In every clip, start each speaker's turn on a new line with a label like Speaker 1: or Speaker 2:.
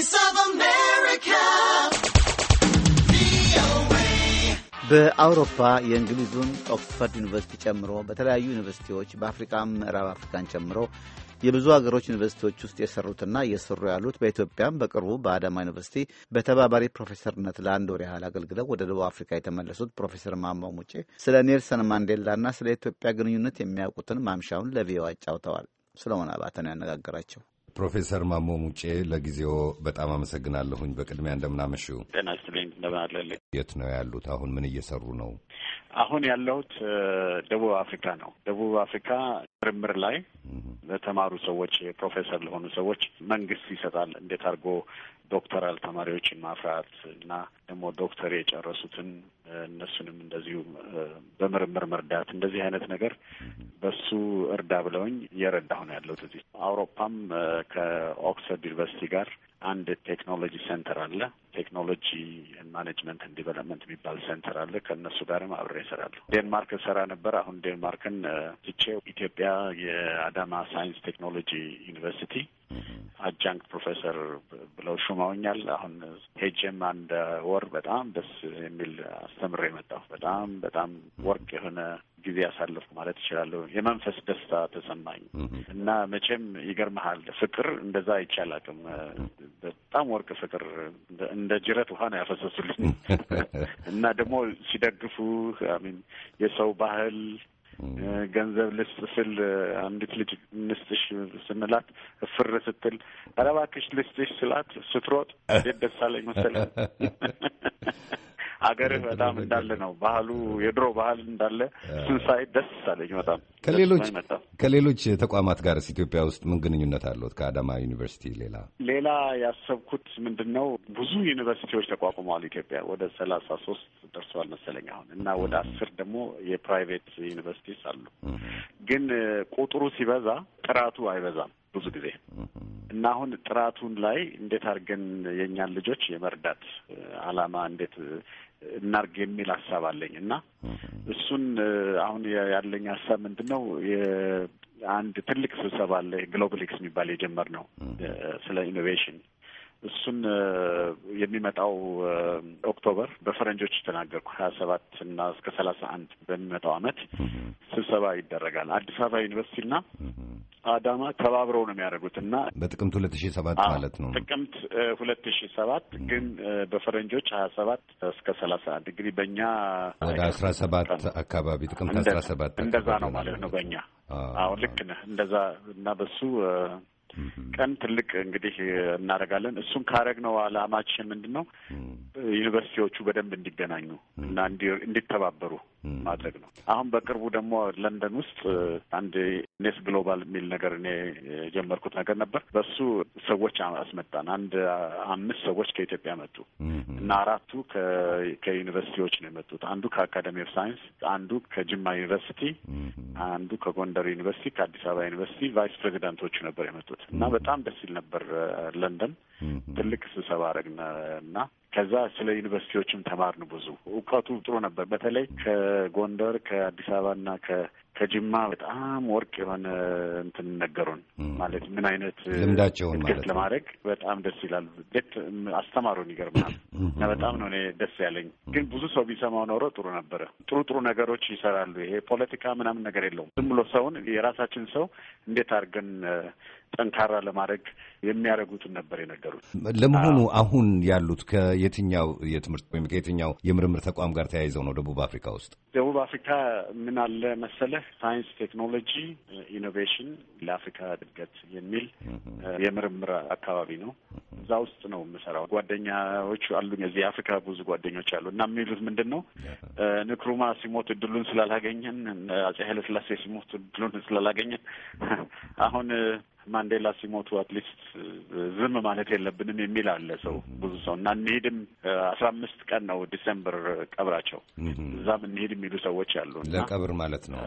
Speaker 1: Voice of በአውሮፓ የእንግሊዙን ኦክስፈርድ ዩኒቨርሲቲ ጨምሮ በተለያዩ ዩኒቨርሲቲዎች በአፍሪካ ምዕራብ አፍሪካን ጨምሮ የብዙ ሀገሮች ዩኒቨርሲቲዎች ውስጥ የሰሩትና እየሰሩ ያሉት በኢትዮጵያም በቅርቡ በአዳማ ዩኒቨርሲቲ በተባባሪ ፕሮፌሰርነት ለአንድ ወር ያህል አገልግለው ወደ ደቡብ አፍሪካ የተመለሱት ፕሮፌሰር ማማው ሙጬ ስለ ኔልሰን ማንዴላና ስለ ኢትዮጵያ ግንኙነት የሚያውቁትን ማምሻውን ለቪዮ አጫውተዋል። ስለሆነ አባተን ያነጋገራቸው ፕሮፌሰር ማሞ ሙጬ ለጊዜው በጣም አመሰግናለሁኝ። በቅድሚያ እንደምናመሹ
Speaker 2: ጤና ይስጥልኝ። እንደምናለልኝ። የት ነው ያሉት?
Speaker 1: አሁን ምን እየሰሩ
Speaker 2: ነው? አሁን ያለሁት ደቡብ አፍሪካ ነው። ደቡብ አፍሪካ ምርምር ላይ ለተማሩ ሰዎች ፕሮፌሰር ለሆኑ ሰዎች መንግስት ይሰጣል። እንዴት አድርጎ ዶክተራል ተማሪዎችን ማፍራት እና ደግሞ ዶክተር የጨረሱትን እነሱንም እንደዚሁ በምርምር መርዳት እንደዚህ አይነት ነገር በሱ እርዳ ብለውኝ እየረዳሁ ነው ያለሁት። እዚህ አውሮፓም ከኦክስፈርድ ዩኒቨርሲቲ ጋር አንድ ቴክኖሎጂ ሴንተር አለ። ቴክኖሎጂ ማኔጅመንት ዲቨሎፕመንት የሚባል ሴንተር አለ። ከእነሱ ጋርም አብሬ እሰራለሁ። ዴንማርክ ሰራ ነበር። አሁን ዴንማርክን ትቼ ኢትዮጵያ የአዳማ ሳይንስ ቴክኖሎጂ ዩኒቨርሲቲ አጃንክት ፕሮፌሰር ብለው ሹመውኛል። አሁን ሄጄም አንድ ወር በጣም ደስ የሚል አስተምሬ የመጣሁ በጣም በጣም ወርቅ የሆነ ጊዜ ያሳለፍኩ ማለት እችላለሁ። የመንፈስ ደስታ ተሰማኝ እና መቼም ይገርመሃል ፍቅር እንደዛ አይቻላቅም። በጣም ወርቅ ፍቅር እንደ ጅረት ውሃ ነው ያፈሰሱልኝ እና ደግሞ ሲደግፉ ሚን የሰው ባህል ገንዘብ ልስጥ ስል አንዲት ልጅ ንስጥሽ ስንላት እፍር ስትል ኧረ እባክሽ ልስጥሽ ስላት ስትሮጥ እንዴት ደስ አለኝ መሰለህ። አገርህ በጣም እንዳለ ነው ባህሉ የድሮ ባህል እንዳለ ስንሳይ ደስ አለኝ በጣም ከሌሎች
Speaker 1: ከሌሎች ተቋማት ጋርስ ኢትዮጵያ ውስጥ ምን ግንኙነት አለት ከአዳማ ዩኒቨርሲቲ ሌላ
Speaker 2: ሌላ ያሰብኩት ምንድን ነው ብዙ ዩኒቨርሲቲዎች ተቋቁመዋል ኢትዮጵያ ወደ ሰላሳ ሶስት ደርሰዋል መሰለኝ አሁን እና ወደ አስር ደግሞ የፕራይቬት ዩኒቨርሲቲስ አሉ ግን ቁጥሩ ሲበዛ ጥራቱ አይበዛም ብዙ ጊዜ እና አሁን ጥራቱን ላይ እንዴት አድርገን የእኛን ልጆች የመርዳት አላማ እንዴት እናርግ የሚል ሀሳብ አለኝ እና እሱን አሁን ያለኝ ሀሳብ ምንድን ነው አንድ ትልቅ ስብሰባ አለ ግሎባል ኤክስ የሚባል ነው ስለ ኢኖቬሽን እሱን የሚመጣው ኦክቶበር በፈረንጆች ተናገርኩ ሀያ ሰባት እና እስከ ሰላሳ አንድ በሚመጣው አመት ስብሰባ ይደረጋል አዲስ አበባ ዩኒቨርሲቲ ዩኒቨርሲቲና አዳማ ተባብረው ነው የሚያደርጉት እና
Speaker 1: በጥቅምት ሁለት ሺ ሰባት ማለት ነው
Speaker 2: ጥቅምት ሁለት ሺ ሰባት ግን በፈረንጆች ሀያ ሰባት እስከ ሰላሳ አንድ እንግዲህ በእኛ
Speaker 1: ወደ አስራ ሰባት አካባቢ ጥቅምት አስራ ሰባት እንደዛ ነው ማለት ነው
Speaker 2: በእኛ አሁን ልክ ነህ እንደዛ እና በሱ ቀን ትልቅ እንግዲህ እናደርጋለን። እሱን ካረግነው አላማችን ምንድን ነው? ዩኒቨርሲቲዎቹ በደንብ እንዲገናኙ እና እንዲተባበሩ ማድረግ ነው። አሁን በቅርቡ ደግሞ ለንደን ውስጥ አንድ ኔስ ግሎባል የሚል ነገር እኔ የጀመርኩት ነገር ነበር። በሱ ሰዎች አስመጣን። አንድ አምስት ሰዎች ከኢትዮጵያ መጡ እና አራቱ ከዩኒቨርሲቲዎች ነው የመጡት። አንዱ ከአካደሚ ኦፍ ሳይንስ፣ አንዱ ከጅማ ዩኒቨርሲቲ፣ አንዱ ከጎንደር ዩኒቨርሲቲ፣ ከአዲስ አበባ ዩኒቨርሲቲ ቫይስ ፕሬዚዳንቶቹ ነበር የመጡት። ያሉት እና በጣም ደስ ይል ነበር። ለንደን ትልቅ ስብሰባ አረግነ እና ከዛ ስለ ዩኒቨርሲቲዎችም ተማርን ብዙ እውቀቱ ጥሩ ነበር። በተለይ ከጎንደር ከአዲስ አበባና ከጅማ በጣም ወርቅ የሆነ እንትን ነገሩን ማለት ምን አይነት ልምዳቸውን ማለት ለማድረግ በጣም ደስ ይላል። ት አስተማሩን ይገርማል እና በጣም ነው እኔ ደስ ያለኝ። ግን ብዙ ሰው ቢሰማው ኖሮ ጥሩ ነበረ። ጥሩ ጥሩ ነገሮች ይሰራሉ። ይሄ ፖለቲካ ምናምን ነገር የለውም። ዝም ብሎ ሰውን የራሳችን ሰው እንዴት አድርገን ጠንካራ ለማድረግ የሚያደርጉትን ነበር የነገሩት። ለመሆኑ
Speaker 1: አሁን ያሉት ከየትኛው የትምህርት ወይም ከየትኛው የምርምር ተቋም ጋር ተያይዘው ነው ደቡብ አፍሪካ ውስጥ?
Speaker 2: ደቡብ አፍሪካ ምን አለ መሰለ ሳይንስ ቴክኖሎጂ ኢኖቬሽን ለአፍሪካ እድገት የሚል የምርምር አካባቢ ነው። እዛ ውስጥ ነው የምሰራው። ጓደኛዎች አሉኝ እዚህ የአፍሪካ ብዙ ጓደኞች አሉ እና የሚሉት ምንድን ነው ንክሩማ ሲሞት እድሉን ስላላገኘን፣ አጼ ኃይለስላሴ ሲሞት እድሉን ስላላገኘን አሁን ማንዴላ ሲሞቱ አትሊስት ዝም ማለት የለብንም የሚል አለ ሰው ብዙ ሰው እና እንሄድም አስራ አምስት ቀን ነው ዲሴምበር ቀብራቸው እዛም እንሄድ የሚሉ ሰዎች አሉ። ለቀብር ማለት ነው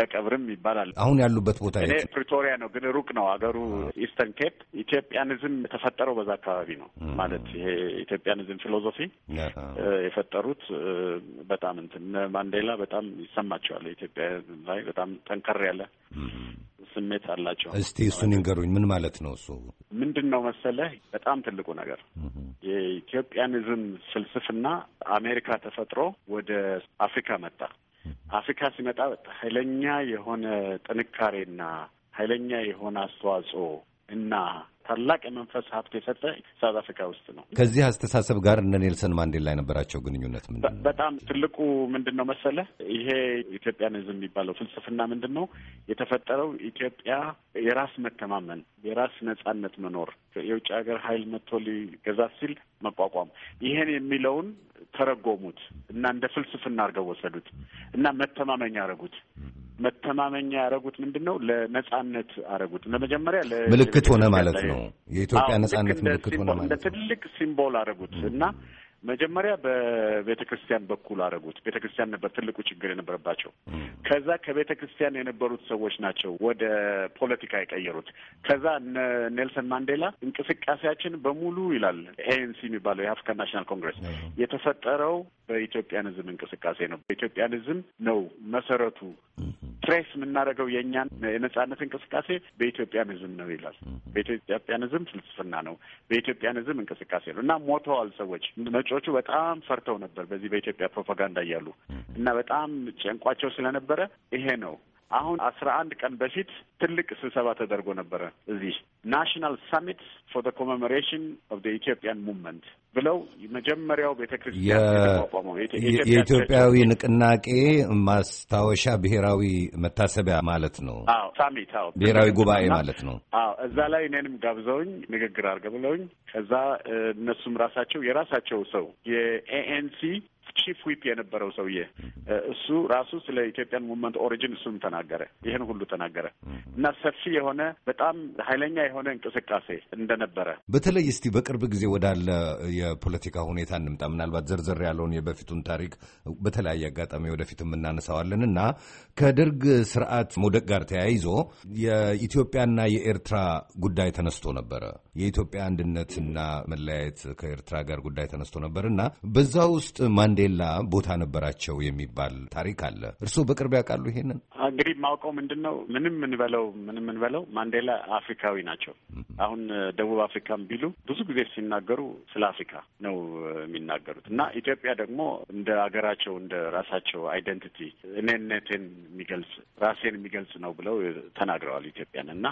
Speaker 2: ለቀብርም ይባላል። አሁን ያሉበት ቦታ እኔ ፕሪቶሪያ ነው፣ ግን ሩቅ ነው አገሩ ኢስተርን ኬፕ። ኢትዮጵያንዝም የተፈጠረው በዛ አካባቢ ነው ማለት ይሄ ኢትዮጵያንዝም ፊሎዞፊ የፈጠሩት በጣም እንትን ማንዴላ በጣም ይሰማቸዋል ኢትዮጵያ ላይ በጣም ጠንከር ያለ ስሜት አላቸው። እስቲ
Speaker 1: እሱን ይንገሩኝ። ምን ማለት ነው እሱ?
Speaker 2: ምንድን ነው መሰለህ፣ በጣም ትልቁ ነገር የኢትዮጵያኒዝም ፍልስፍና አሜሪካ ተፈጥሮ ወደ አፍሪካ መጣ። አፍሪካ ሲመጣ ኃይለኛ የሆነ ጥንካሬና ኃይለኛ የሆነ አስተዋጽኦ እና ታላቅ የመንፈስ ሀብት የሰጠ ሳውት አፍሪካ ውስጥ ነው። ከዚህ
Speaker 1: አስተሳሰብ ጋር እነ ኔልሰን ማንዴላ የነበራቸው ግንኙነት ምንድን
Speaker 2: በጣም ትልቁ ምንድን ነው መሰለ ይሄ ኢትዮጵያኒዝም የሚባለው ፍልስፍና ምንድን ነው የተፈጠረው ኢትዮጵያ የራስ መተማመን፣ የራስ ነጻነት መኖር፣ የውጭ ሀገር ሀይል መጥቶ ሊገዛ ሲል መቋቋም ይሄን የሚለውን ተረጎሙት እና እንደ ፍልስፍና አድርገው ወሰዱት እና መተማመኛ አደረጉት። መተማመኛ ያደረጉት ምንድን ነው? ለነጻነት አደረጉት። ለመጀመሪያ ምልክት ሆነ ማለት ነው። የኢትዮጵያ ነጻነት ምልክት ሆነ ማለት ነው። እንደ ትልቅ ሲምቦል አደረጉት እና መጀመሪያ በቤተ ክርስቲያን በኩል አደረጉት። ቤተ ክርስቲያን ነበር ትልቁ ችግር የነበረባቸው። ከዛ ከቤተ ክርስቲያን የነበሩት ሰዎች ናቸው ወደ ፖለቲካ የቀየሩት። ከዛ ኔልሰን ማንዴላ እንቅስቃሴያችን በሙሉ ይላል ኤኤንሲ የሚባለው የአፍሪካን ናሽናል ኮንግረስ የተፈጠረው በኢትዮጵያን ሕዝብ እንቅስቃሴ ነው። በኢትዮጵያን ሕዝብ ነው መሰረቱ። ትሬስ የምናደርገው የእኛን የነጻነት እንቅስቃሴ በኢትዮጵያን ሕዝብ ነው ይላል። በኢትዮጵያን ፍልስፍና ነው፣ በኢትዮጵያን ሕዝብ እንቅስቃሴ ነው እና ሞተዋል ሰዎች ተጫዋቾቹ በጣም ፈርተው ነበር በዚህ በኢትዮጵያ ፕሮፓጋንዳ እያሉ እና በጣም ጨንቋቸው ስለነበረ ይሄ ነው አሁን አስራ አንድ ቀን በፊት ትልቅ ስብሰባ ተደርጎ ነበረ እዚህ ናሽናል ሳሚት ፎር ዘ ኦፍ ኢትዮጵያን ሙቭመንት ብለው መጀመሪያው ቤተ ክርስቲያን የኢትዮጵያዊ
Speaker 1: ንቅናቄ ማስታወሻ ብሔራዊ መታሰቢያ ማለት ነው።
Speaker 2: አዎ ሳሚት፣ አዎ ብሔራዊ ጉባኤ ማለት ነው። አዎ እዛ ላይ እኔንም ጋብዘውኝ ንግግር አድርገ ብለውኝ ከዛ እነሱም ራሳቸው የራሳቸው ሰው የኤኤንሲ ቺፍ ዊፕ የነበረው ሰውዬ እሱ ራሱ ስለ ኢትዮጵያን ሙቭመንት ኦሪጂን እሱም ተናገረ። ይህን ሁሉ ተናገረ እና ሰፊ የሆነ በጣም ኃይለኛ የሆነ እንቅስቃሴ እንደነበረ
Speaker 1: በተለይ እስቲ በቅርብ ጊዜ ወዳለ የፖለቲካ ሁኔታ እንምጣ። ምናልባት ዘርዘር ያለውን የበፊቱን ታሪክ በተለያየ አጋጣሚ ወደፊት እናነሳዋለን እና ከደርግ ስርዓት መውደቅ ጋር ተያይዞ የኢትዮጵያና የኤርትራ ጉዳይ ተነስቶ ነበረ። የኢትዮጵያ አንድነትና መለያየት ከኤርትራ ጋር ጉዳይ ተነስቶ ነበር እና በዛ ውስጥ ማንዴ ሌላ ቦታ ነበራቸው የሚባል ታሪክ አለ። እርስዎ በቅርብ ያውቃሉ ይሄንን?
Speaker 2: እንግዲህ ማውቀው ምንድን ነው ምንም ምንበለው ምንም ምንበለው ማንዴላ አፍሪካዊ ናቸው። አሁን ደቡብ አፍሪካም ቢሉ ብዙ ጊዜ ሲናገሩ ስለ አፍሪካ ነው የሚናገሩት እና ኢትዮጵያ ደግሞ እንደ ሀገራቸው እንደ ራሳቸው አይደንቲቲ እኔነቴን የሚገልጽ ራሴን የሚገልጽ ነው ብለው ተናግረዋል ኢትዮጵያን እና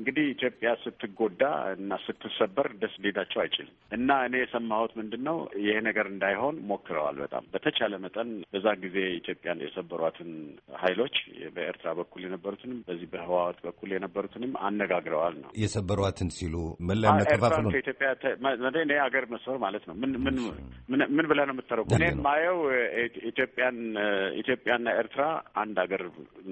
Speaker 2: እንግዲህ ኢትዮጵያ ስትጎዳ እና ስትሰበር ደስ ሊላቸው አይችልም እና እኔ የሰማሁት ምንድን ነው ይሄ ነገር እንዳይሆን ሞክረዋል ተጋግለዋል። በጣም በተቻለ መጠን በዛ ጊዜ ኢትዮጵያን የሰበሯትን ኃይሎች በኤርትራ በኩል የነበሩትንም በዚህ በህወሓት በኩል የነበሩትንም አነጋግረዋል ነው
Speaker 1: የሰበሯትን ሲሉ
Speaker 2: ምን ላይ መከፋፈል ከኢትዮጵያ እኔ ሀገር መስበር ማለት ነው። ምን ምን ምን ብለህ ነው የምትተረጉ? እኔ የማየው ኢትዮጵያን ኢትዮጵያና ኤርትራ አንድ ሀገር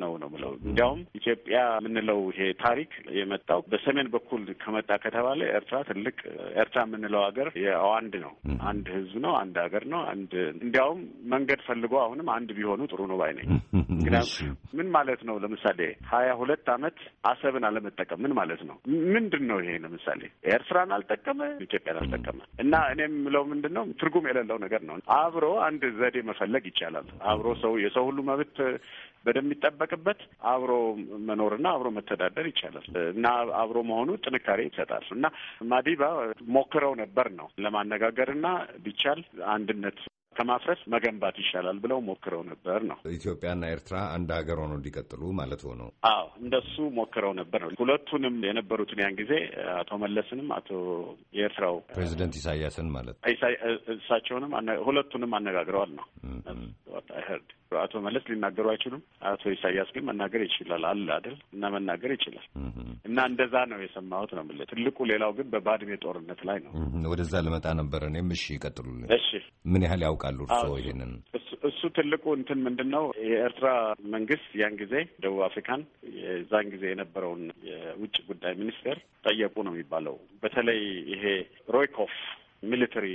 Speaker 2: ነው ነው ብለው እንዲያውም ኢትዮጵያ የምንለው ይሄ ታሪክ የመጣው በሰሜን በኩል ከመጣ ከተባለ ኤርትራ ትልቅ ኤርትራ የምንለው ሀገር አንድ ነው። አንድ ህዝብ ነው። አንድ ሀገር ነው። አንድ እንዲያውም መንገድ ፈልጎ አሁንም አንድ ቢሆኑ ጥሩ ነው ባይ ነኝ። ምክንያቱም ምን ማለት ነው? ለምሳሌ ሀያ ሁለት አመት አሰብን አለመጠቀም ምን ማለት ነው? ምንድን ነው ይሄ? ለምሳሌ ኤርትራን አልጠቀመ፣ ኢትዮጵያን አልጠቀመ እና እኔ የምለው ምንድን ነው ትርጉም የሌለው ነገር ነው። አብሮ አንድ ዘዴ መፈለግ ይቻላል። አብሮ ሰው የሰው ሁሉ መብት በደንብ የሚጠበቅበት አብሮ መኖርና አብሮ መተዳደር ይቻላል እና አብሮ መሆኑ ጥንካሬ ይሰጣል እና ማዲባ ሞክረው ነበር ነው ለማነጋገርና ቢቻል አንድነት ከማፍረስ መገንባት ይሻላል ብለው ሞክረው ነበር
Speaker 1: ነው። ኢትዮጵያና ኤርትራ አንድ ሀገር ሆነው እንዲቀጥሉ ማለት ሆኖ፣
Speaker 2: አዎ እንደሱ ሞክረው ነበር ነው። ሁለቱንም የነበሩትን ያን ጊዜ አቶ መለስንም አቶ የኤርትራው
Speaker 1: ፕሬዚደንት ኢሳያስን ማለት
Speaker 2: እሳቸውንም ሁለቱንም አነጋግረዋል ነው አቶ መለስ ሊናገሩ አይችሉም። አቶ ኢሳያስ ግን መናገር ይችላል አለ አይደል? እና መናገር ይችላል እና እንደዛ ነው የሰማሁት ነው የምልህ። ትልቁ ሌላው ግን በባድሜ ጦርነት ላይ ነው።
Speaker 1: ወደዛ ልመጣ ነበር እኔም። እሺ ይቀጥሉልን። እሺ ምን ያህል ያውቃል ያውቃሉ እርስዎ ይህንን?
Speaker 2: እሱ ትልቁ እንትን ምንድን ነው የኤርትራ መንግስት ያን ጊዜ ደቡብ አፍሪካን የዛን ጊዜ የነበረውን የውጭ ጉዳይ ሚኒስቴር ጠየቁ ነው የሚባለው። በተለይ ይሄ ሮይኮፍ ሚሊተሪ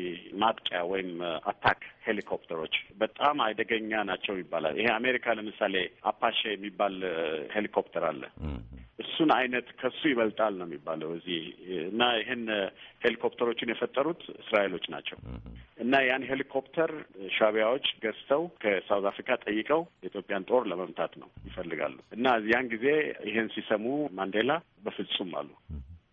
Speaker 2: ማጥቂያ ወይም አታክ ሄሊኮፕተሮች በጣም አደገኛ ናቸው ይባላል። ይሄ አሜሪካ ለምሳሌ አፓሼ የሚባል ሄሊኮፕተር አለ። እሱን አይነት ከሱ ይበልጣል ነው የሚባለው እዚህ እና ይህን ሄሊኮፕተሮችን የፈጠሩት እስራኤሎች ናቸው እና ያን ሄሊኮፕተር ሻቢያዎች ገዝተው ከሳውዝ አፍሪካ ጠይቀው የኢትዮጵያን ጦር ለመምታት ነው ይፈልጋሉ እና ያን ጊዜ ይህን ሲሰሙ ማንዴላ በፍጹም አሉ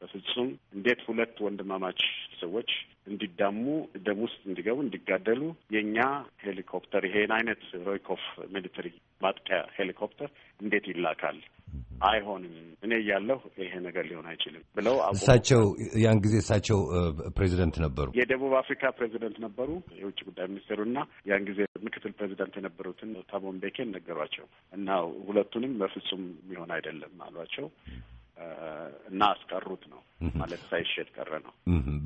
Speaker 2: በፍጹም እንዴት ሁለት ወንድማማች ሰዎች እንዲዳሙ ደም ውስጥ እንዲገቡ እንዲጋደሉ የእኛ ሄሊኮፕተር ይሄን አይነት ሮይኮፍ ሚሊተሪ ማጥቂያ ሄሊኮፕተር እንዴት ይላካል? አይሆንም። እኔ እያለሁ ይሄ ነገር ሊሆን አይችልም ብለው እሳቸው
Speaker 1: ያን ጊዜ እሳቸው ፕሬዚደንት ነበሩ፣
Speaker 2: የደቡብ አፍሪካ ፕሬዚደንት ነበሩ። የውጭ ጉዳይ ሚኒስትሩና ያን ጊዜ ምክትል ፕሬዚደንት የነበሩትን ታቦ ነገሯቸው እና ሁለቱንም በፍጹም የሚሆን አይደለም አሏቸው። እና አስቀሩት ነው ማለት ሳይሸጥ ቀረ ነው።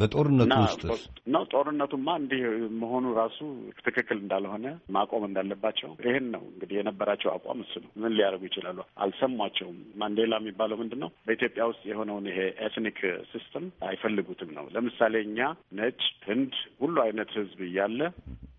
Speaker 1: በጦርነቱ ውስጥ
Speaker 2: ነው። ጦርነቱማ እንዲህ መሆኑ ራሱ ትክክል እንዳልሆነ ማቆም እንዳለባቸው ይህን ነው እንግዲህ የነበራቸው አቋም እሱ ነው። ምን ሊያደርጉ ይችላሉ? አልሰሟቸውም። ማንዴላ የሚባለው ምንድን ነው? በኢትዮጵያ ውስጥ የሆነውን ይሄ ኤትኒክ ሲስተም አይፈልጉትም ነው። ለምሳሌ እኛ ነጭ፣ ህንድ ሁሉ አይነት ህዝብ እያለ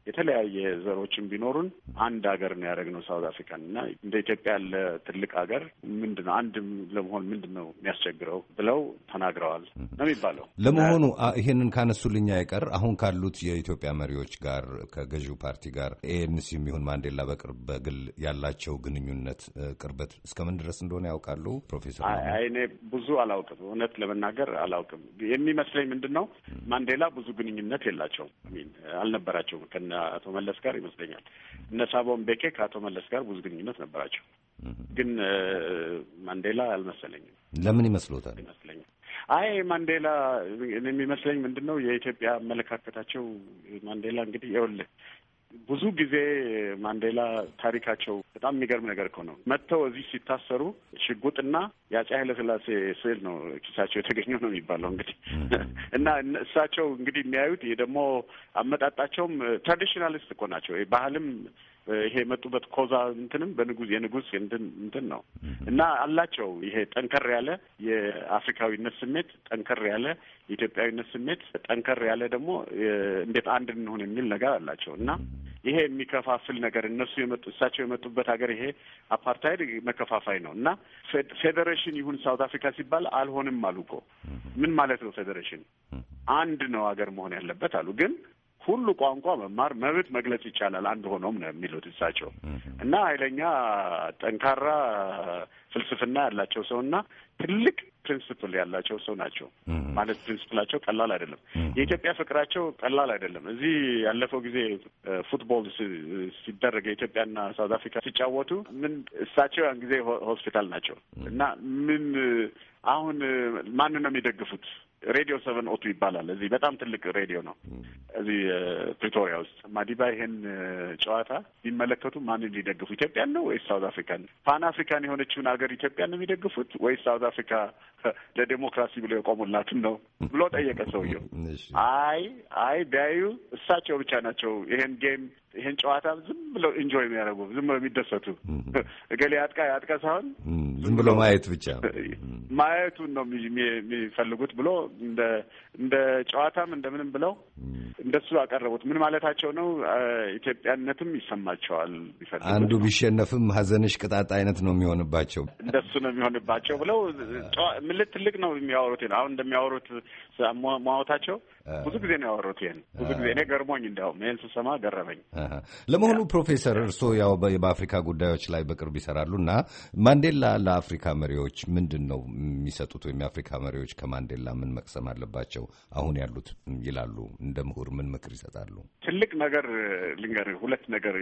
Speaker 2: የተለያየ ዘሮችን ቢኖሩን አንድ ሀገር ነው ያደረግነው ሳውዝ አፍሪካን እና እንደ ኢትዮጵያ ያለ ትልቅ ሀገር ምንድን ነው አንድ ለመሆን ምንድን ነው የሚያስቸግረው ብለው ተናግረዋል ነው የሚባለው።
Speaker 1: ለመሆኑ ይሄንን ካነሱልኝ አይቀር አሁን ካሉት የኢትዮጵያ መሪዎች ጋር ከገዢው ፓርቲ ጋር ኤንሲ የሚሆን ማንዴላ በቅርብ በግል ያላቸው ግንኙነት ቅርበት እስከምን ድረስ እንደሆነ ያውቃሉ
Speaker 2: ፕሮፌሰር? እኔ ብዙ አላውቅም፣ እውነት ለመናገር አላውቅም። የሚመስለኝ ምንድን ነው ማንዴላ ብዙ ግንኙነት የላቸውም፣ አልነበራቸውም ከነ አቶ መለስ ጋር ይመስለኛል። እነ ሳቦን ቤኬ ከአቶ መለስ ጋር ብዙ ግንኙነት ነበራቸው፣ ግን ማንዴላ አልመሰለኝም።
Speaker 1: ለምን ይመስሎታል? ይመስለኛል
Speaker 2: አይ ማንዴላ የሚመስለኝ ምንድን ነው የኢትዮጵያ አመለካከታቸው ማንዴላ እንግዲህ ይኸውልህ ብዙ ጊዜ ማንዴላ ታሪካቸው በጣም የሚገርም ነገር እኮ ነው። መጥተው እዚህ ሲታሰሩ ሽጉጥና የአፄ ኃይለሥላሴ ስዕል ነው ኪሳቸው የተገኘው ነው የሚባለው እንግዲህ እና እሳቸው እንግዲህ የሚያዩት ይህ ደግሞ አመጣጣቸውም ትራዲሽናሊስት እኮ ናቸው። ባህልም ይሄ የመጡበት ኮዛ እንትንም በንጉስ የንጉስ እንትን ነው እና አላቸው። ይሄ ጠንከር ያለ የአፍሪካዊነት ስሜት፣ ጠንከር ያለ የኢትዮጵያዊነት ስሜት፣ ጠንከር ያለ ደግሞ እንዴት አንድ እንሆን የሚል ነገር አላቸው እና ይሄ የሚከፋፍል ነገር እነሱ የመጡ እሳቸው የመጡበት ሀገር ይሄ አፓርታይድ መከፋፋይ ነው እና ፌዴሬሽን ይሁን ሳውት አፍሪካ ሲባል አልሆንም አሉ እኮ ምን ማለት ነው? ፌዴሬሽን አንድ ነው ሀገር መሆን ያለበት አሉ ግን ሁሉ ቋንቋ መማር መብት መግለጽ ይቻላል አንድ ሆኖም ነው የሚሉት እሳቸው እና ኃይለኛ ጠንካራ ፍልስፍና ያላቸው ሰው እና ትልቅ ፕሪንስፕል ያላቸው ሰው ናቸው። ማለት ፕሪንስፕላቸው ቀላል አይደለም። የኢትዮጵያ ፍቅራቸው ቀላል አይደለም። እዚህ ያለፈው ጊዜ ፉትቦል ሲደረግ የኢትዮጵያና ሳውት አፍሪካ ሲጫወቱ ምን እሳቸው ያን ጊዜ ሆስፒታል ናቸው እና ምን አሁን ማንን ነው የሚደግፉት? ሬዲዮ ሰቨን ኦቱ ይባላል። እዚህ በጣም ትልቅ ሬዲዮ ነው እዚህ ፕሪቶሪያ ውስጥ። ማዲባ ይሄን ጨዋታ ቢመለከቱ ማንን ሊደግፉ ኢትዮጵያን ነው ወይስ ሳውዝ አፍሪካን? ፓን አፍሪካን የሆነችውን ሀገር ኢትዮጵያን ነው የሚደግፉት ወይስ ሳውዝ አፍሪካ ለዴሞክራሲ ብሎ የቆሙላትን ነው ብሎ ጠየቀ ሰውየው። አይ አይ ቢያዩ እሳቸው ብቻ ናቸው ይሄን ጌም ይሄን ጨዋታ ዝም ብለው ኢንጆይ የሚያደርጉ ዝም ብለው የሚደሰቱ እገሌ አጥቃ አጥቀ ሳይሆን
Speaker 1: ዝም ብሎ ማየት ብቻ
Speaker 2: ማየቱን ነው የሚፈልጉት ብሎ እንደ ጨዋታም እንደምንም ብለው እንደሱ አቀረቡት። ምን ማለታቸው ነው? ኢትዮጵያነትም ይሰማቸዋል። አንዱ
Speaker 1: ቢሸነፍም ሀዘንሽ ቅጣት አይነት ነው የሚሆንባቸው
Speaker 2: እንደሱ ነው የሚሆንባቸው ብለው ምልት ትልቅ ነው የሚያወሩት አሁን እንደሚያወሩት ሟወታቸው ብዙ ጊዜ ነው ያወሩት። ይህን ብዙ ጊዜ እኔ ገርሞኝ እንዲያውም ይህን ስሰማ ገረመኝ።
Speaker 1: ለመሆኑ ፕሮፌሰር እርስዎ ያው በአፍሪካ ጉዳዮች ላይ በቅርብ ይሰራሉ እና ማንዴላ ለአፍሪካ መሪዎች ምንድን ነው የሚሰጡት ወይም የአፍሪካ መሪዎች ከማንዴላ ምን መቅሰም አለባቸው አሁን ያሉት
Speaker 2: ይላሉ? እንደ ምሁር ምን ምክር ይሰጣሉ? ትልቅ ነገር ልንገርህ፣ ሁለት ነገር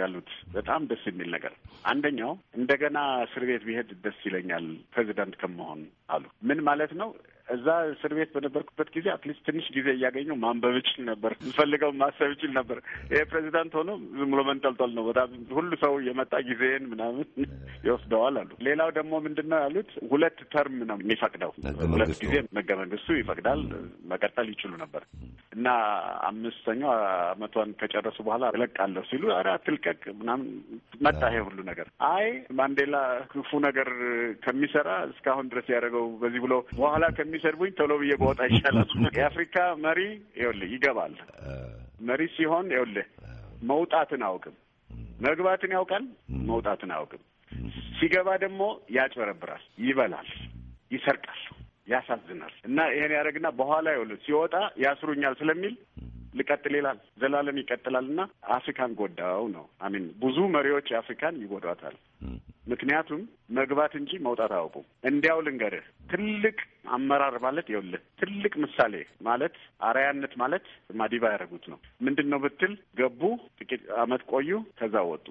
Speaker 2: ያሉት በጣም ደስ የሚል ነገር። አንደኛው እንደገና እስር ቤት ቢሄድ ደስ ይለኛል ፕሬዚዳንት ከመሆን አሉ። ምን ማለት ነው? እዛ እስር ቤት በነበርኩበት ጊዜ አትሊስት ትንሽ ጊዜ እያገኘሁ ማንበብ እችል ነበር፣ የምፈልገው ማሰብ እችል ነበር። ይሄ ፕሬዚዳንት ሆኖ ዝም ብሎ መንጠልጠል ነው። በጣም ሁሉ ሰው የመጣ ጊዜን ምናምን ይወስደዋል አሉ። ሌላው ደግሞ ምንድን ነው ያሉት፣ ሁለት ተርም ነው የሚፈቅደው፣ ሁለት ጊዜ ህገ መንግስቱ ይፈቅዳል። መቀጠል ይችሉ ነበር እና አምስተኛው አመቷን ከጨረሱ በኋላ እለቃለሁ ሲሉ ኧረ አትልቀቅ ምናምን መጣ ይሄ ሁሉ ነገር። አይ ማንዴላ ክፉ ነገር ከሚሰራ እስካሁን ድረስ ያደረገው በዚህ ብሎ በኋላ ከሚ ስለሚሰድቡኝ ቶሎ ብዬ በወጣ ይሻላል። የአፍሪካ መሪ ይኸውልህ ይገባል። መሪ ሲሆን ይኸውልህ መውጣትን አያውቅም። መግባትን ያውቃል፣ መውጣትን አያውቅም። ሲገባ ደግሞ ያጭበረብራል፣ ይበላል፣ ይሰርቃል፣ ያሳዝናል። እና ይሄን ያደረግና በኋላ ይኸውልህ ሲወጣ ያስሩኛል ስለሚል ልቀጥል ይላል። ዘላለም ይቀጥላል እና አፍሪካን ጎዳው ነው አሚን። ብዙ መሪዎች አፍሪካን ይጎዷታል። ምክንያቱም መግባት እንጂ መውጣት አያውቁም። እንዲያው ልንገርህ ትልቅ አመራር ማለት ይኸውልህ ትልቅ ምሳሌ ማለት አርአያነት ማለት ማዲባ ያደረጉት ነው። ምንድን ነው ብትል ገቡ፣ ጥቂት አመት ቆዩ፣ ከዛ ወጡ።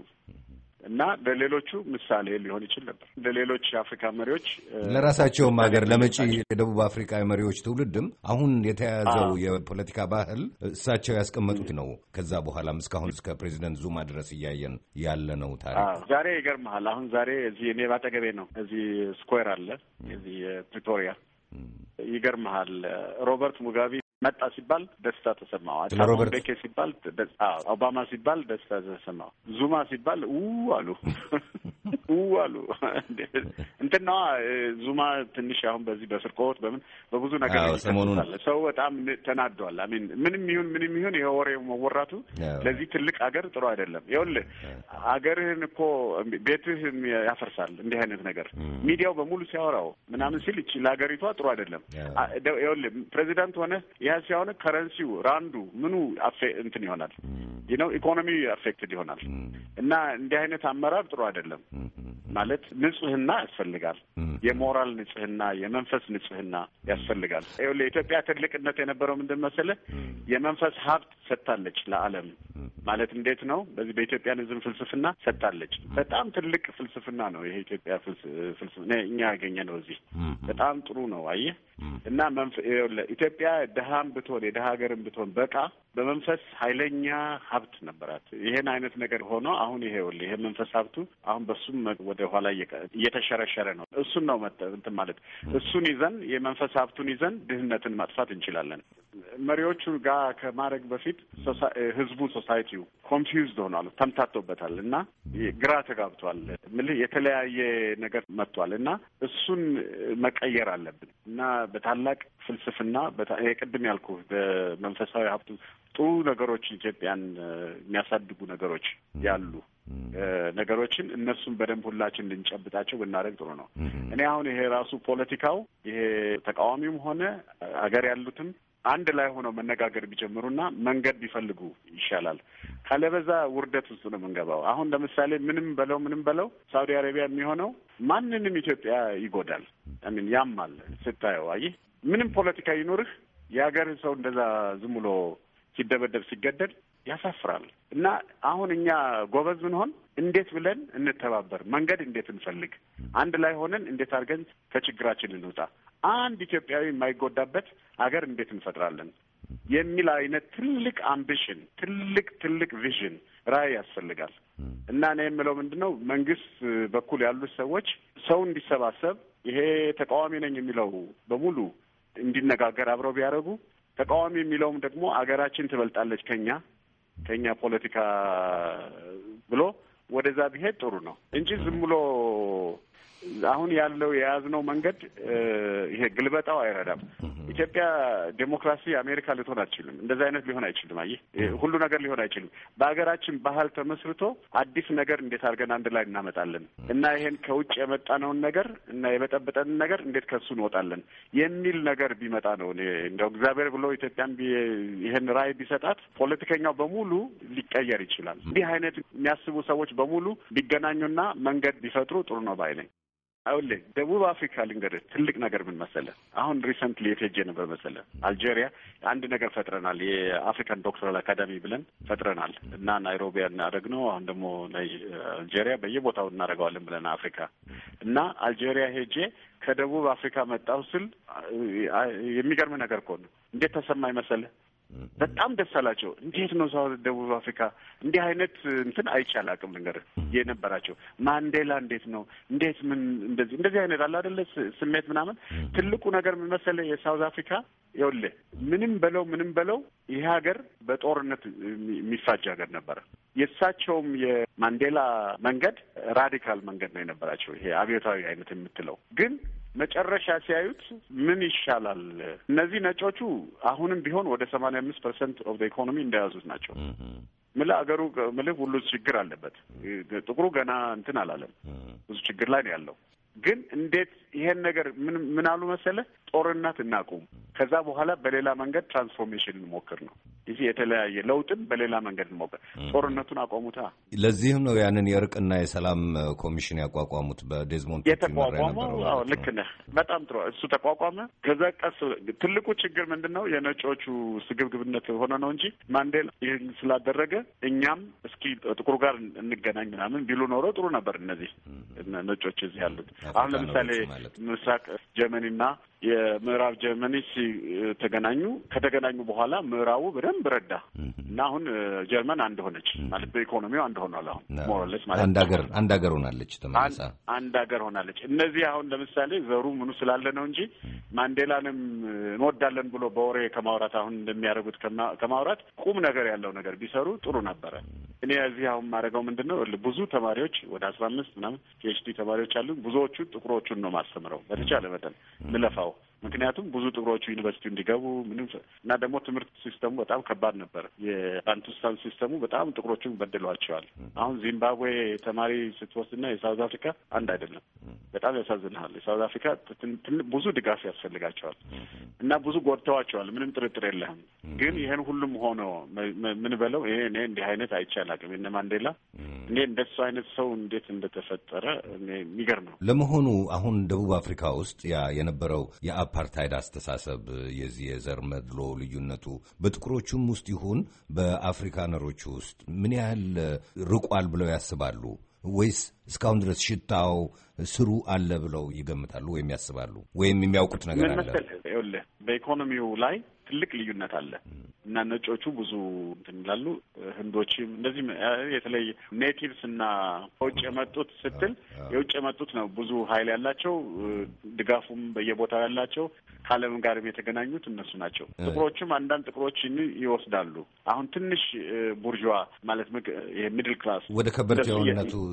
Speaker 2: እና ለሌሎቹ ምሳሌ ሊሆን ይችል ነበር። ለሌሎች የአፍሪካ መሪዎች ለራሳቸውም ሀገር ለመጪ
Speaker 1: የደቡብ አፍሪካ መሪዎች ትውልድም አሁን የተያዘው የፖለቲካ ባህል እሳቸው ያስቀመጡት ነው። ከዛ በኋላም እስካሁን እስከ ፕሬዚደንት ዙማ ድረስ እያየን ያለ ነው። ታሪክ
Speaker 2: ዛሬ ይገርመሃል። አሁን ዛሬ እዚህ እኔ ባጠገቤ ነው። እዚህ ስኩዌር አለ፣ እዚህ የፕሪቶሪያ ይገርመሃል። ሮበርት ሙጋቢ መጣ ሲባል ደስታ ተሰማው። ቤኬ ሲባል ኦባማ ሲባል ደስታ ተሰማው። ዙማ ሲባል ው አሉ ው አሉ። እንትናዋ ዙማ ትንሽ አሁን በዚህ በስርቆት በምን በብዙ ነገር ሰው በጣም ተናደዋል። አሚን ምንም ይሁን ምንም ይሁን ይኸው ወሬው መወራቱ ለዚህ ትልቅ አገር ጥሩ አይደለም። ይኸውልህ አገርህን እኮ ቤትህም ያፈርሳል። እንዲህ አይነት ነገር ሚዲያው በሙሉ ሲያወራው ምናምን ሲል ለሀገሪቷ ጥሩ አይደለም። ይኸውልህ ፕሬዚዳንት ሆነ ያ ሲሆን ከረንሲው ራንዱ ምኑ እንትን ይሆናል ነው ኢኮኖሚ አፌክትድ ይሆናል። እና እንዲህ አይነት አመራር ጥሩ አይደለም። ማለት ንጽህና ያስፈልጋል። የሞራል ንጽህና፣ የመንፈስ ንጽህና ያስፈልጋል። ለኢትዮጵያ ትልቅነት የነበረው ምንድን መሰለህ? የመንፈስ ሀብት ሰጥታለች ለአለም ማለት እንዴት ነው? በዚህ በኢትዮጵያንዝም ፍልስፍና ሰጥታለች። በጣም ትልቅ ፍልስፍና ነው ይሄ ኢትዮጵያ ፍልስፍና፣ እኛ ያገኘ ነው እዚህ። በጣም ጥሩ ነው አየህ። እና ኢትዮጵያ ድሀ የአፍሪካም ብትሆን የደሀ ሀገርም ብትሆን በቃ በመንፈስ ኃይለኛ ሀብት ነበራት። ይሄን አይነት ነገር ሆኖ አሁን ይሄ ይሄ መንፈስ ሀብቱ አሁን በሱም ወደ ኋላ እየተሸረሸረ ነው። እሱን ነው መጠ እንትን ማለት እሱን ይዘን የመንፈስ ሀብቱን ይዘን ድህነትን ማጥፋት እንችላለን። መሪዎቹ ጋር ከማድረግ በፊት ህዝቡ ሶሳይቲው ኮንፊውዝድ ሆኗል፣ ተምታቶበታል እና ግራ ተጋብቷል። ምልህ የተለያየ ነገር መጥቷል እና እሱን መቀየር አለብን እና በታላቅ ፍልስፍና ቅድም ያልኩ በመንፈሳዊ ሀብቱ ጥሩ ነገሮች ኢትዮጵያን የሚያሳድጉ ነገሮች ያሉ ነገሮችን እነሱን በደንብ ሁላችን ልንጨብጣቸው ብናደርግ ጥሩ ነው። እኔ አሁን ይሄ ራሱ ፖለቲካው ይሄ ተቃዋሚውም ሆነ አገር ያሉትም አንድ ላይ ሆነው መነጋገር ቢጀምሩና መንገድ ቢፈልጉ ይሻላል። ካለበዛ ውርደት ውስጥ ነው የምንገባው። አሁን ለምሳሌ ምንም በለው ምንም በለው ሳውዲ አረቢያ የሚሆነው ማንንም ኢትዮጵያ ይጎዳል። ሚን ያም አለ ስታየው፣ አየህ ምንም ፖለቲካ ይኖርህ የሀገርህ ሰው እንደዛ ዝም ብሎ ሲደበደብ ሲገደል ያሳፍራል። እና አሁን እኛ ጎበዝ ብንሆን እንዴት ብለን እንተባበር፣ መንገድ እንዴት እንፈልግ፣ አንድ ላይ ሆነን እንዴት አድርገን ከችግራችን እንውጣ። አንድ ኢትዮጵያዊ የማይጎዳበት ሀገር እንዴት እንፈጥራለን የሚል አይነት ትልቅ አምቢሽን፣ ትልቅ ትልቅ ቪዥን ራዕይ ያስፈልጋል እና እኔ የምለው ምንድን ነው መንግስት በኩል ያሉት ሰዎች ሰው እንዲሰባሰብ ይሄ ተቃዋሚ ነኝ የሚለው በሙሉ እንዲነጋገር አብረው ቢያደርጉ ተቃዋሚ የሚለውም ደግሞ አገራችን ትበልጣለች ከኛ ከኛ ፖለቲካ ብሎ ወደዛ ቢሄድ ጥሩ ነው እንጂ ዝም ብሎ አሁን ያለው የያዝነው መንገድ ይሄ ግልበጣው አይረዳም። ኢትዮጵያ ዴሞክራሲ አሜሪካ ልትሆን አትችልም። እንደዚህ አይነት ሊሆን አይችልም። አየህ ሁሉ ነገር ሊሆን አይችልም። በሀገራችን ባህል ተመስርቶ አዲስ ነገር እንዴት አድርገን አንድ ላይ እናመጣለን እና ይሄን ከውጭ የመጣነውን ነገር እና የበጠበጠንን ነገር እንዴት ከሱ እንወጣለን የሚል ነገር ቢመጣ ነው እንደው እግዚአብሔር ብሎ ኢትዮጵያን ይህን ራዕይ ቢሰጣት ፖለቲከኛው በሙሉ ሊቀየር ይችላል። እንዲህ አይነት የሚያስቡ ሰዎች በሙሉ ቢገናኙና መንገድ ቢፈጥሩ ጥሩ ነው ባይ ነኝ። አሁን ደቡብ አፍሪካ ልንገርህ ትልቅ ነገር ምን መሰለህ፣ አሁን ሪሰንትሊ የት ሄጄ ነበር መሰለህ? አልጄሪያ አንድ ነገር ፈጥረናል። የአፍሪካን ዶክተራል አካዳሚ ብለን ፈጥረናል እና ናይሮቢ እናደረግ ነው። አሁን ደግሞ አልጄሪያ በየቦታው እናደርገዋለን ብለን አፍሪካ እና አልጄሪያ ሄጄ ከደቡብ አፍሪካ መጣሁ ስል የሚገርም ነገር እኮ ነው። እንዴት ተሰማኝ መሰለህ? በጣም ደስ አላቸው። እንዴት ነው ሰው ደቡብ አፍሪካ እንዲህ አይነት እንትን አይቻል አቅም ነገር የነበራቸው ማንዴላ እንዴት ነው እንዴት ምን እንደዚህ እንደዚህ አይነት አለ አይደለ ስሜት ምናምን ትልቁ ነገር ምን መሰለህ የሳውዝ አፍሪካ ይኸውልህ ምንም በለው ምንም በለው ይህ ሀገር በጦርነት የሚፋጅ ሀገር ነበረ። የእሳቸውም የማንዴላ መንገድ ራዲካል መንገድ ነው የነበራቸው። ይሄ አብዮታዊ አይነት የምትለው ግን መጨረሻ ሲያዩት ምን ይሻላል? እነዚህ ነጮቹ አሁንም ቢሆን ወደ ሰማንያ አምስት ፐርሰንት ኦፍ ዘ ኢኮኖሚ እንደያዙት ናቸው። ምልህ አገሩ ምልህ ሁሉ ችግር አለበት። ጥቁሩ ገና እንትን አላለም። ብዙ ችግር ላይ ነው ያለው። ግን እንዴት ይሄን ነገር ምን ምን አሉ መሰለህ ጦርነት እናቁም፣ ከዛ በኋላ በሌላ መንገድ ትራንስፎርሜሽን እንሞክር ነው። ይህ የተለያየ ለውጥን በሌላ መንገድ እንሞክር፣ ጦርነቱን አቆሙታ።
Speaker 1: ለዚህም ነው ያንን የእርቅና የሰላም ኮሚሽን ያቋቋሙት በዴዝሞንድ የተቋቋመው። ልክ
Speaker 2: ነህ። በጣም ጥሩ። እሱ ተቋቋመ። ከዛ ቀስ ትልቁ ችግር ምንድን ነው? የነጮቹ ስግብግብነት ሆነ ነው እንጂ ማንዴላ ይህን ስላደረገ እኛም እስኪ ጥቁሩ ጋር እንገናኝ ምናምን ቢሉ ኖሮ ጥሩ ነበር። እነዚህ ነጮች እዚህ ያሉት አሁን ለምሳሌ ምስራቅ ጀርመኒና የምዕራብ ጀርመኒ ተገናኙ። ከተገናኙ በኋላ ምዕራቡ በደንብ ረዳ እና አሁን ጀርመን አንድ ሆነች ማለት በኢኮኖሚው አንድ ሆኗል። አሁን ሞረለስ ማለት አንድ ሀገር
Speaker 1: አንድ ሀገር ሆናለች። ተመልሳ
Speaker 2: አንድ ሀገር ሆናለች። እነዚህ አሁን ለምሳሌ ዘሩ ምኑ ስላለ ነው እንጂ ማንዴላንም እንወዳለን ብሎ በወሬ ከማውራት አሁን እንደሚያደርጉት ከማውራት ቁም ነገር ያለው ነገር ቢሰሩ ጥሩ ነበረ። እኔ እዚህ አሁን ማድረገው ምንድን ነው ብዙ ተማሪዎች ወደ አስራ አምስት ምናምን ፒኤችዲ ተማሪዎች አሉ። ብዙዎቹ ጥቁሮቹን ነው ማስተምረው በተቻለ መጠን ምለፋው ምክንያቱም ብዙ ጥቁሮቹ ዩኒቨርሲቲ እንዲገቡ ምንም እና ደግሞ ትምህርት ሲስተሙ በጣም ከባድ ነበር። የባንቱስታን ሲስተሙ በጣም ጥቁሮቹን በድሏቸዋል። አሁን ዚምባብዌ ተማሪ ስትወስድና የሳውዝ አፍሪካ አንድ አይደለም። በጣም ያሳዝንሃል። የሳውዝ አፍሪካ ብዙ ድጋፍ ያስፈልጋቸዋል እና ብዙ ጎድተዋቸዋል። ምንም ጥርጥር የለህም። ግን ይህን ሁሉም ሆኖ ምን በለው ይሄ እኔ እንዲህ አይነት አይቻላቅም አላውቅም። ማንዴላ እኔ እንደሱ አይነት ሰው እንዴት እንደተፈጠረ የሚገርም
Speaker 1: ነው። ለመሆኑ አሁን ደቡብ አፍሪካ ውስጥ ያ የነበረው የአ የአፓርታይድ አስተሳሰብ የዚህ የዘር መድሎ ልዩነቱ በጥቁሮቹም ውስጥ ይሁን በአፍሪካነሮቹ ውስጥ ምን ያህል ርቋል ብለው ያስባሉ? ወይስ እስካሁን ድረስ ሽታው ስሩ አለ ብለው ይገምታሉ ወይም ያስባሉ ወይም የሚያውቁት ነገር
Speaker 2: አለ? በኢኮኖሚው ላይ ትልቅ ልዩነት አለ እና ነጮቹ ብዙ እንትን ይላሉ። ህንዶችም እንደዚህ የተለይ ኔቲቭስ እና ከውጭ የመጡት ስትል የውጭ የመጡት ነው ብዙ ሀይል ያላቸው ድጋፉም በየቦታው ያላቸው ከዓለም ጋርም የተገናኙት እነሱ ናቸው። ጥቁሮችም አንዳንድ ጥቁሮችን ይወስዳሉ። አሁን ትንሽ ቡርዥዋ ማለት ሚድል ክላስ ወደ ከበርቴ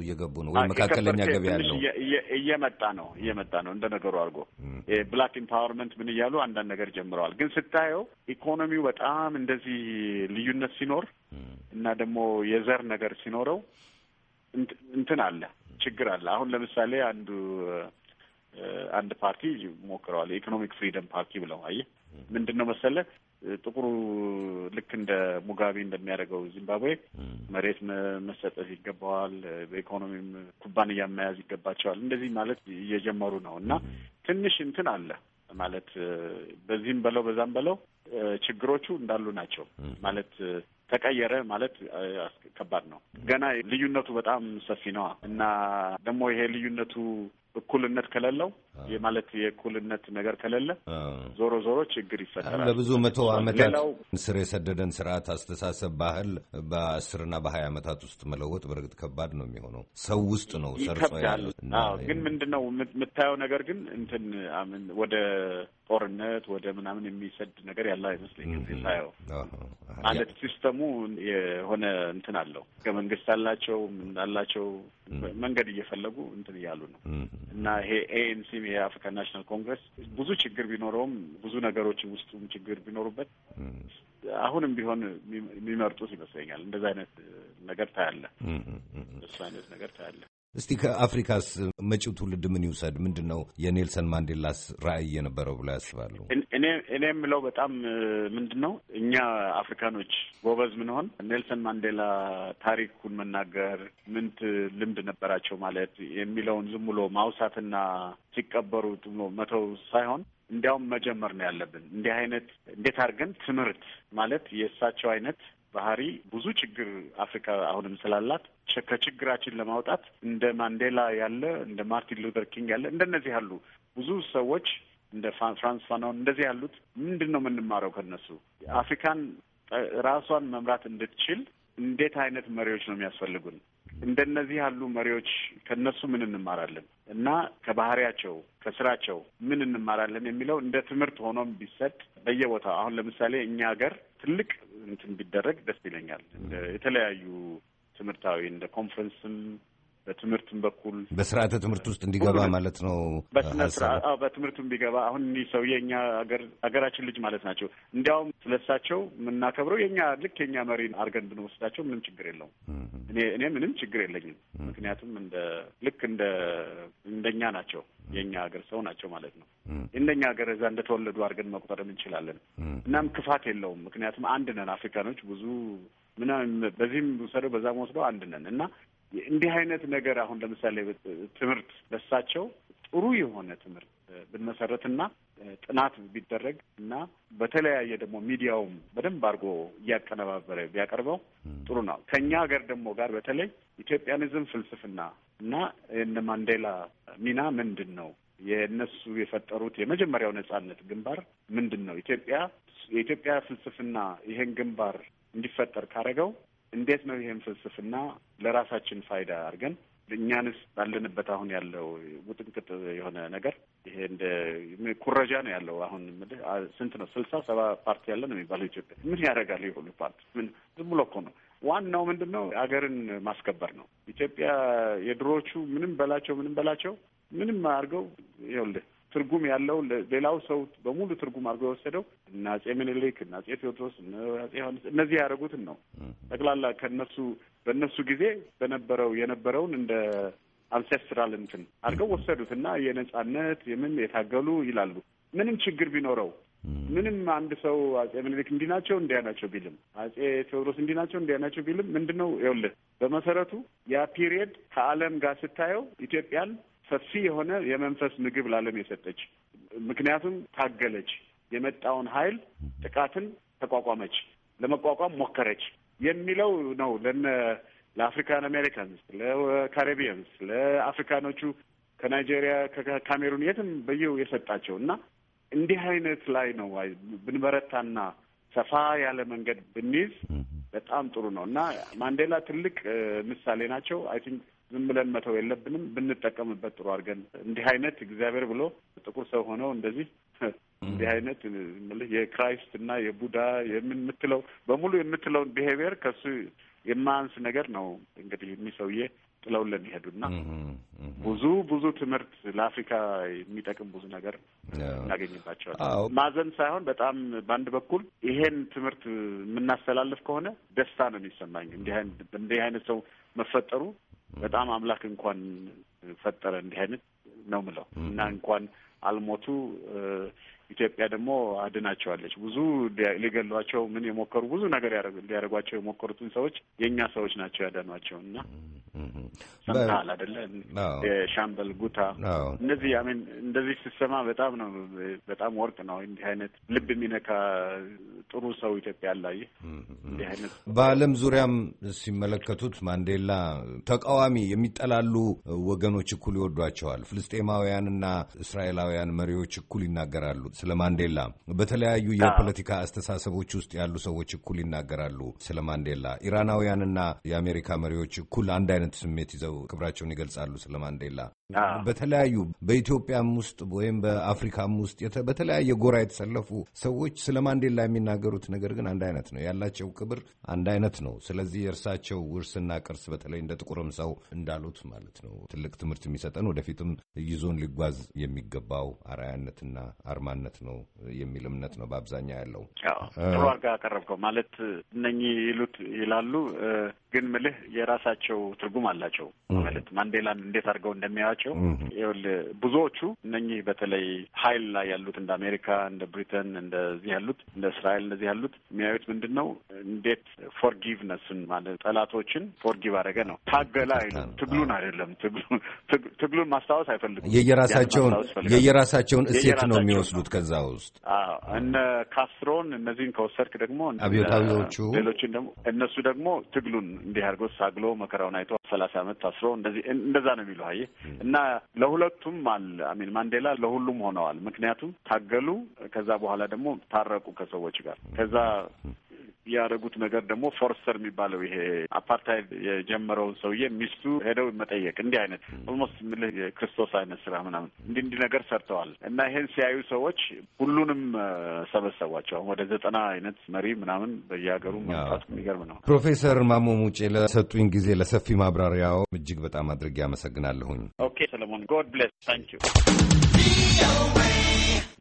Speaker 1: እየገቡ ነው፣ ወይም መካከለኛ ገቢ ያለው
Speaker 2: እየመጣ ነው እየመጣ ነው እንደ ነገሩ አድርጎ ብላክ ኢምፓወርመንት ምን እያሉ አንዳንድ ነገር መናገር ጀምረዋል። ግን ስታየው ኢኮኖሚው በጣም እንደዚህ ልዩነት ሲኖር እና ደግሞ የዘር ነገር ሲኖረው እንትን አለ፣ ችግር አለ። አሁን ለምሳሌ አንዱ አንድ ፓርቲ ሞክረዋል፣ የኢኮኖሚክ ፍሪደም ፓርቲ ብለው። አየህ ምንድን ነው መሰለህ ጥቁሩ ልክ እንደ ሙጋቤ እንደሚያደርገው ዚምባብዌ መሬት መሰጠት ይገባዋል፣ በኢኮኖሚም ኩባንያ መያዝ ይገባቸዋል። እንደዚህ ማለት እየጀመሩ ነው እና ትንሽ እንትን አለ ማለት በዚህም በለው በዛም በለው ችግሮቹ እንዳሉ ናቸው ማለት ተቀየረ ማለት ከባድ ነው። ገና ልዩነቱ በጣም ሰፊ ነዋ እና ደግሞ ይሄ ልዩነቱ እኩልነት ከሌለው የማለት የእኩልነት ነገር ከሌለ ዞሮ ዞሮ ችግር ይፈጠራል። ለብዙ መቶ ዓመታት
Speaker 1: ስር የሰደደን ስርዓት፣ አስተሳሰብ፣ ባህል በአስርና በሀያ ዓመታት ውስጥ መለወጥ በእርግጥ ከባድ ነው የሚሆነው ሰው ውስጥ ነው ሰርጾ ያለ ግን
Speaker 2: ምንድን ነው የምታየው ነገር ግን እንትን ወደ ጦርነት ወደ ምናምን የሚሰድ ነገር ያለ አይመስለኝም ሳየው። ማለት ሲስተሙ የሆነ እንትን አለው ከመንግስት አላቸው አላቸው መንገድ እየፈለጉ እንትን እያሉ ነው እና ይሄ ኤኤንሲም የአፍሪካ አፍሪካን ናሽናል ኮንግረስ ብዙ ችግር ቢኖረውም ብዙ ነገሮች ውስጡም ችግር ቢኖሩበት አሁንም ቢሆን የሚመርጡት ይመስለኛል። እንደዚ አይነት ነገር ታያለ፣ እሱ አይነት ነገር ታያለ።
Speaker 1: እስቲ ከአፍሪካስ መጪው ትውልድ ምን ይውሰድ? ምንድን ነው የኔልሰን ማንዴላስ ራዕይ የነበረው ብሎ ያስባሉ?
Speaker 2: እኔ የምለው በጣም ምንድን ነው እኛ አፍሪካኖች ጎበዝ ምንሆን ኔልሰን ማንዴላ ታሪኩን መናገር ምንት ልምድ ነበራቸው ማለት የሚለውን ዝም ብሎ ማውሳትና ሲቀበሩ መተው ሳይሆን እንዲያውም መጀመር ነው ያለብን። እንዲህ አይነት እንዴት አድርገን ትምህርት ማለት የእሳቸው አይነት ባህሪ ብዙ ችግር አፍሪካ አሁንም ስላላት ከችግራችን ለማውጣት እንደ ማንዴላ ያለ እንደ ማርቲን ሉተር ኪንግ ያለ እንደነዚህ ያሉ ብዙ ሰዎች እንደ ፍራንስ ፋናውን እንደዚህ ያሉት ምንድን ነው የምንማረው ከነሱ? አፍሪካን ራሷን መምራት እንድትችል እንዴት አይነት መሪዎች ነው የሚያስፈልጉን? እንደነዚህ ያሉ መሪዎች ከነሱ ምን እንማራለን እና ከባህሪያቸው ከስራቸው ምን እንማራለን የሚለው እንደ ትምህርት ሆኖም ቢሰጥ በየቦታው አሁን ለምሳሌ እኛ ሀገር ትልቅ እንትን ቢደረግ ደስ ይለኛል። የተለያዩ ትምህርታዊ እንደ ኮንፈረንስም በትምህርትም በኩል በስርዓተ
Speaker 1: ትምህርት ውስጥ እንዲገባ ማለት ነው። በስነ
Speaker 2: በትምህርቱም ቢገባ አሁን እኒህ ሰውዬ የእኛ ሀገራችን ልጅ ማለት ናቸው። እንዲያውም ስለሳቸው የምናከብረው የኛ ልክ የኛ መሪ አድርገን ብንወስዳቸው ምንም ችግር የለውም። እኔ እኔ ምንም ችግር የለኝም። ምክንያቱም እንደ ልክ እንደ እንደኛ ናቸው። የእኛ ሀገር ሰው ናቸው ማለት ነው። እንደኛ ሀገር እዛ እንደተወለዱ አድርገን መቁጠርም እንችላለን። እናም ክፋት የለውም። ምክንያቱም አንድ ነን አፍሪካኖች ብዙ ምናምን በዚህም ወሰደው በዛም ወስደው አንድ ነን እና እንዲህ አይነት ነገር አሁን ለምሳሌ ትምህርት በሳቸው ጥሩ የሆነ ትምህርት ብንመሰረትና ጥናት ቢደረግ እና በተለያየ ደግሞ ሚዲያውም በደንብ አድርጎ እያቀነባበረ ቢያቀርበው ጥሩ ነው። ከእኛ ሀገር ደግሞ ጋር በተለይ ኢትዮጵያኒዝም ፍልስፍና እና የነ ማንዴላ ሚና ምንድን ነው? የእነሱ የፈጠሩት የመጀመሪያው ነጻነት ግንባር ምንድን ነው? ኢትዮጵያ የኢትዮጵያ ፍልስፍና ይሄን ግንባር እንዲፈጠር ካደረገው እንዴት ነው ይሄን ፍልስፍና ለራሳችን ፋይዳ አድርገን እኛንስ ባለንበት አሁን ያለው ውጥንቅጥ የሆነ ነገር ይሄ እንደ ኩረጃ ነው ያለው። አሁን የምልህ ስንት ነው ስልሳ ሰባ ፓርቲ ያለ ነው የሚባለው ኢትዮጵያ። ምን ያደርጋል የሁሉ ፓርቲ? ምን ዝም ብሎ እኮ ነው። ዋናው ምንድን ነው? አገርን ማስከበር ነው። ኢትዮጵያ የድሮዎቹ ምንም በላቸው ምንም በላቸው ምንም አድርገው ይኸውልህ ትርጉም ያለው ሌላው ሰው በሙሉ ትርጉም አድርጎ የወሰደው እነ አጼ ምኒልክ እነ አጼ ቴዎድሮስ እነ አጼ ዮሐንስ እነዚህ ያደረጉትን ነው። ጠቅላላ ከነሱ በእነሱ ጊዜ በነበረው የነበረውን እንደ አንሴስትራል እንትን አድርገው ወሰዱት እና የነጻነት የምን የታገሉ ይላሉ። ምንም ችግር ቢኖረው ምንም አንድ ሰው አጼ ምኒልክ እንዲህ ናቸው እንዲያ ናቸው ቢልም አጼ ቴዎድሮስ እንዲህ ናቸው እንዲያ ናቸው ቢልም ምንድን ነው ይኸውልህ፣ በመሰረቱ ያ ፒሪየድ ከዓለም ጋር ስታየው ኢትዮጵያን ሰፊ የሆነ የመንፈስ ምግብ ለዓለም የሰጠች ምክንያቱም ታገለች፣ የመጣውን ኃይል ጥቃትን ተቋቋመች፣ ለመቋቋም ሞከረች የሚለው ነው ለነ ለአፍሪካን አሜሪካንስ፣ ለካሪቢያንስ፣ ለአፍሪካኖቹ ከናይጄሪያ፣ ከካሜሩን የትም በየው የሰጣቸው እና እንዲህ አይነት ላይ ነው ብንበረታና ሰፋ ያለ መንገድ ብንይዝ በጣም ጥሩ ነው እና ማንዴላ ትልቅ ምሳሌ ናቸው አይ ቲንክ ዝም ብለን መተው የለብንም። ብንጠቀምበት ጥሩ አድርገን እንዲህ አይነት እግዚአብሔር ብሎ ጥቁር ሰው ሆነው እንደዚህ እንዲህ አይነት የክራይስት እና የቡዳ የምትለው በሙሉ የምትለውን ብሄቪየር ከሱ የማያንስ ነገር ነው እንግዲህ እኚህ ሰውዬ ጥለውልን ይሄዱና ብዙ ብዙ ትምህርት ለአፍሪካ የሚጠቅም ብዙ ነገር እናገኝባቸዋል። ማዘን ሳይሆን በጣም በአንድ በኩል ይሄን ትምህርት የምናስተላልፍ ከሆነ ደስታ ነው የሚሰማኝ እንዲህ አይነት ሰው መፈጠሩ በጣም አምላክ እንኳን ፈጠረ እንዲህ አይነት ነው ምለው እና እንኳን አልሞቱ ኢትዮጵያ ደግሞ አድናቸዋለች። ብዙ ሊገሏቸው ምን የሞከሩ ብዙ ነገር ሊያደርጓቸው የሞከሩትን ሰዎች የእኛ ሰዎች ናቸው ያዳኗቸው እና ሰምተሃል አይደለ? የሻምበል ጉታ እነዚህ አሜን እንደዚህ ስትሰማ በጣም ነው በጣም ወርቅ ነው። እንዲህ አይነት ልብ የሚነካ ጥሩ ሰው ኢትዮጵያ አላየ። እንዲህ አይነት በዓለም
Speaker 1: ዙሪያም ሲመለከቱት ማንዴላ ተቃዋሚ የሚጠላሉ ወገኖች እኩል ይወዷቸዋል። ፍልስጤማውያንና እስራኤላውያን መሪዎች እኩል ይናገራሉ። ስለ ማንዴላ በተለያዩ የፖለቲካ አስተሳሰቦች ውስጥ ያሉ ሰዎች እኩል ይናገራሉ። ስለ ማንዴላ ኢራናውያንና የአሜሪካ መሪዎች እኩል አንድ አይነት ስሜት ይዘው ክብራቸውን ይገልጻሉ። ስለ ማንዴላ በተለያዩ በኢትዮጵያም ውስጥ ወይም በአፍሪካም ውስጥ በተለያየ ጎራ የተሰለፉ ሰዎች ስለ ማንዴላ የሚናገሩት ነገር ግን አንድ አይነት ነው። ያላቸው ክብር አንድ አይነት ነው። ስለዚህ የእርሳቸው ውርስና ቅርስ በተለይ እንደ ጥቁርም ሰው እንዳሉት ማለት ነው ትልቅ ትምህርት የሚሰጠን ወደፊትም ይዞን ሊጓዝ የሚገባው አርአያነትና አርማነት አይነት ነው የሚል እምነት ነው በአብዛኛው ያለው። ጥሩ አድርጋ
Speaker 2: ያቀረብከው ማለት እነኚህ ይሉት ይላሉ፣ ግን ምልህ የራሳቸው ትርጉም አላቸው ማለት ማንዴላን እንዴት አድርገው እንደሚያያቸው ብዙዎቹ እነኚህ በተለይ ሀይል ላይ ያሉት እንደ አሜሪካ፣ እንደ ብሪተን፣ እንደዚህ ያሉት እንደ እስራኤል እንደዚህ ያሉት የሚያዩት ምንድን ነው እንዴት ፎርጊቭነስን ማለት ጠላቶችን ፎርጊቭ አደረገ ነው። ታገለ አይሉም። ትግሉን አይደለም ትግሉን ማስታወስ አይፈልጉም። የየራሳቸውን የየራሳቸውን እሴት ነው
Speaker 1: የሚወስዱት ከዛ ውስጥ
Speaker 2: እነ ካስትሮን እነዚህን ከወሰድክ ደግሞ አብዮታዊዎቹ ሌሎችን ደግሞ እነሱ ደግሞ ትግሉን እንዲህ አድርጎ ሳግሎ መከራውን አይቶ ሰላሳ አመት ታስሮ እንደዚህ እንደዛ ነው የሚሉ አየህ። እና ለሁለቱም አል አሚን ማንዴላ ለሁሉም ሆነዋል። ምክንያቱም ታገሉ፣ ከዛ በኋላ ደግሞ ታረቁ ከሰዎች ጋር ከዛ ያደረጉት ነገር ደግሞ ፎርስተር የሚባለው ይሄ አፓርታይድ የጀመረውን ሰውዬ ሚስቱ ሄደው መጠየቅ እንዲህ አይነት ኦልሞስት የምልህ የክርስቶስ አይነት ስራ ምናምን እንዲህ እንዲህ ነገር ሰርተዋል እና ይሄን ሲያዩ ሰዎች ሁሉንም ሰበሰቧቸው። ወደ ዘጠና አይነት መሪ ምናምን በየሀገሩ መምጣቱ የሚገርም ነው።
Speaker 1: ፕሮፌሰር ማሞ ሙጬ ለሰጡኝ ጊዜ ለሰፊ ማብራሪያው እጅግ በጣም አድርጌ አመሰግናለሁኝ።
Speaker 2: ኦኬ ሰለሞን፣ ጎድ ብለስ ታንኪዩ።